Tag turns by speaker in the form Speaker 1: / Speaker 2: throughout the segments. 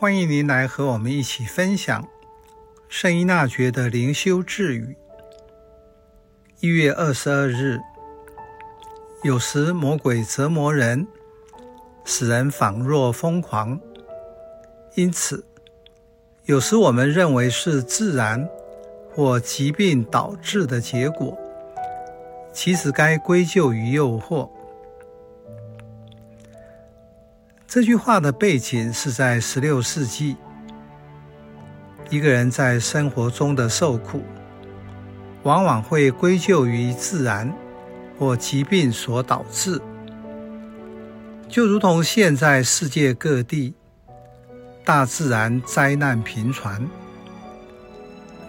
Speaker 1: 歡迎您來和我們一起分享聖依納爵的靈修智語。一月二十二日，有時魔鬼折磨人，使人仿若瘋狂；因此，有時我們認為是自然或疾病導致的結果，其實該歸咎於誘惑。這句話的背景是在十六世紀，一個人在生活中的受苦，往往會歸咎於自然或疾病所導致。就如同現在世界各地大自然災難頻傳，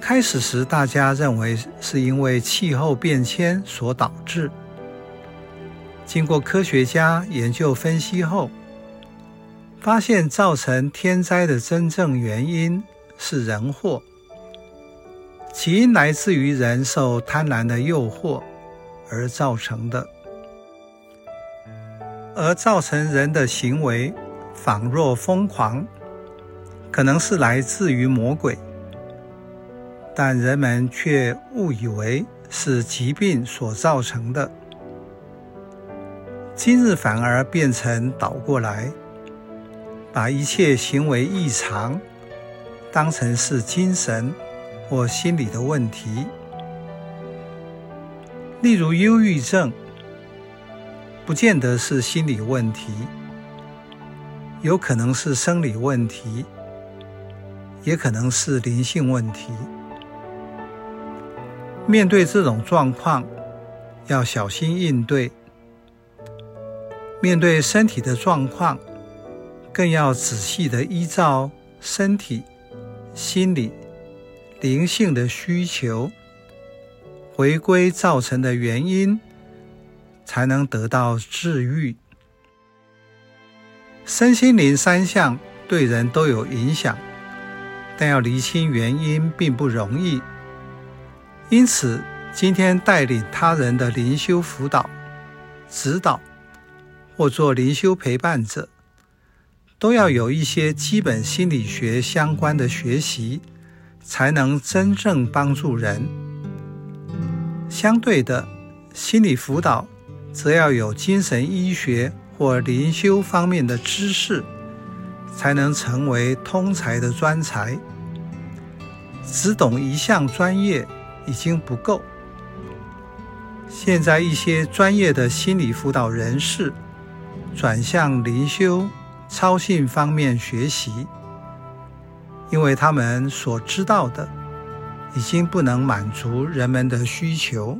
Speaker 1: 開始時大家認為是因為氣候變遷所導致，經過科學家研究分析後，發現造成天災的真正原因是人禍，起因來自於人受貪婪的誘惑而造成的，而造成人的行為仿若瘋狂，可能是來自於魔鬼，但人們卻誤以為是疾病所造成的，今日反而變成倒過來。把一切行為異常當成是精神或心理的問題，例如憂鬱症，不見得是心理問題，有可能是生理問題，也可能是靈性問題。面對這種狀況，要小心應對。面對身體的狀況。更要仔細地依照身體、心理、靈性的需求，回歸造成的原因，才能得到治癒。身心靈三項對人都有影響，但要釐清原因並不容易。因此，今天帶領他人的靈修輔導、指導，或做靈修陪伴者。都要有一些基本心理學相關的學習，才能真正幫助人。相對的，心理輔導則要有精神醫學或靈修方面的知識，才能成為通才的專才。只懂一項專業已經不夠。現在一些專業的心理輔導人士轉向靈修，超性方面學習，因為他們所知道的已經不能滿足人們的需求。